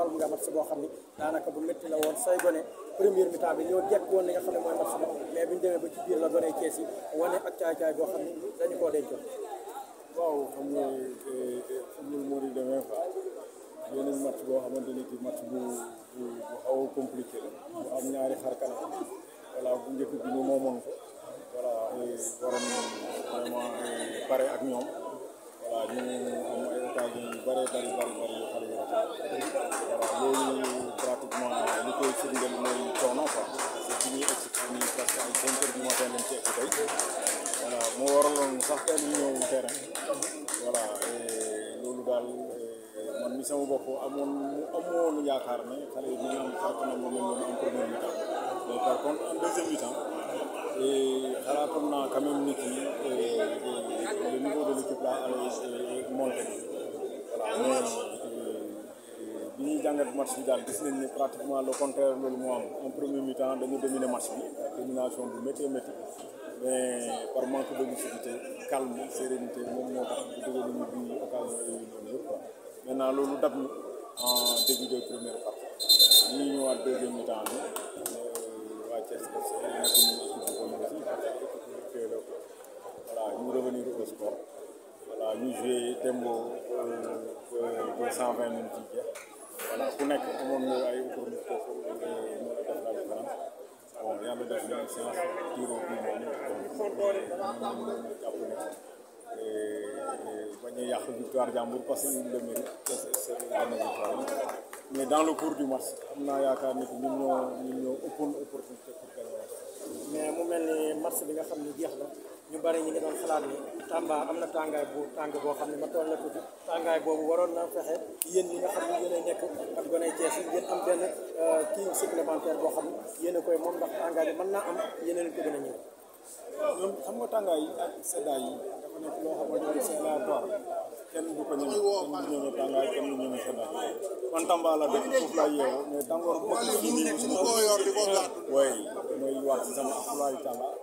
loolu mu nga match boo xam ne daanaka bu métti la woon say gone première mi-temps bi ñoo la gone kees yi wane ak caay-caay boo xam ne dañu koo dencoon waaw xam nga eh, xam nga moo di demee quoi yeneen match boo xamante ni ci match bu bu xaw a compliqué la bu am ñaari xar kanam voilà bu njëkk bi ñu moomoon ko voilà waroon eh, vraiment eh, pare ak ñoom voilà ñu am ay bare bari bari bari waaw loolu pratiquement li koy firndeel mooy coono quoi parce que ñuy expliqué nii parce que ay cinq heures du matin lañ ci egg moo waraloon sax tey ñu ñëw terrain voilà loolu daal man mi sama bopp amoon amoon yaakaar ne xale yi dinañ am fàq na am premier mi-temps mais par contre naa quand nit yi le niveau de l'équipe là allait monter voilà jàngat match bi daal gis nañ ne pratiquement le contraire loolu moo am en premier mi-temps dañu dominer match bi domination bu métti métti mais par manque de lucidité calme sérénité moom moo tax bu dugal ñu bi occasion yooyu noonu yëpp quoi maintenant loolu dab ñu en début de première partie ñu ñëwaat deuxième mi-temps bi euh, waa Thiès FC voilà ñu revenir au sport voilà ñu joué tempo 120 euh, euh, minutes yi jeex voilà ku nekk amoon na ay autoroutes euh, foofu moo la différence bon yàlla def na séance euh, yàq victoire jàmbur mais dans le cours du match am naa yaakaar ne que ñun ñoo mu mel ni match bi nga xam ni jeex la ñu bari ñi ngi doon xalaat ni Tamba am na tàngaay bu tàng boo xam ne ma toll na tuuti tàngaay boobu waroon na fexe yéen ñi nga xam ne nekk ak gone Cees yi ngeen am benn euh, boo xam ne yéen a koy moom ndax tàngaay bi naa am yeneen xam nga tàngaay yi yi dafa nekk loo xamante ni c'est aléatoire kenn du ko ñëme kenn du ñëme tàngaay kenn Tamba la dëkk foofu laa yeewoo mais tàngoor bu ma gis fii nii mooy waat si sama ak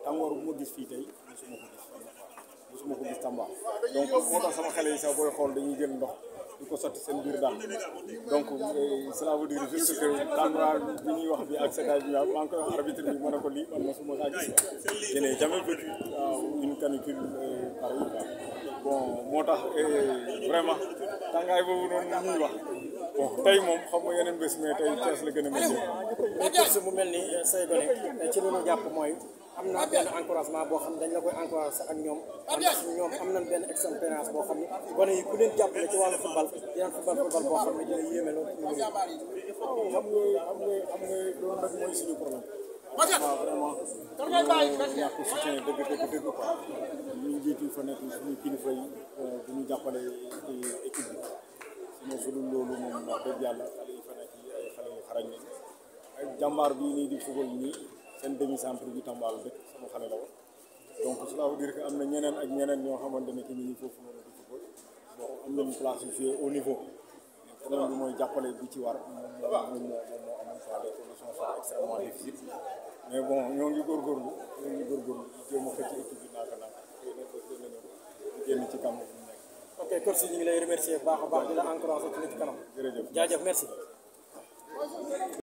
tàngoor bu ma gis fii tey mosuma ko gis Tamba donc moo tax sama xale yi sax booy xool dañuy jël ndox di ko sotti seen biir daal donc euh, cela veut dire juste que Tamba bi ñuy wax bi ak sédage bi daal maa ngi bi ma ne ko lii man mosuma kaa gis je n'ai jamais vécu euh, une canicule euh, pareille quoi moo tax vraiment tàngaay boobu noonu ñuy wax. bon tey moom xam nga yeneen bés mais tey Thiès la gën a métti. mu mel ni say ci li ñu jàpp mooy. am naa benn encouragement boo xam ne dañ la koy encouragé ak ñoom ndax ñoom am nañ benn expérience boo xam ne gone yi ku leen jàppale boo xam ne dina yéeme loolu xam nga xam nga am nga loolu nag mooy suñu problème waaw vraiment ñàkk soutien dëgg dëgg dëgg quoi ñu njiit yi fa nekk suñu kilifa yi euh, jàppale équipe bi sinon su dul loolu moom wax dëgg yàlla xale yi fa nekk ay xarañ lañ ak bii nii di football nii seen demi centre bi Tamba la dëkk sama xale la woon donc cela veut dire que am na ñeneen ak ñeneen ñoo xamante ne ci nit ñi foofu noonu di football bon am nañu place yu joué au niveau problème bi mooy jàppale bi ci war moom moo amoon soit les conditions sont extrêmement difficiles mais bon ñoo ngi góorgóorlu ñoo ngi góorgóorlu jéem a xëcc équipe bi naaka naaka xëy na ko gën a génn ci kàmm ok coach ñu ngi lay remercier bu baax a baax di la encourager ci kanam jërëjëf jaajëf merci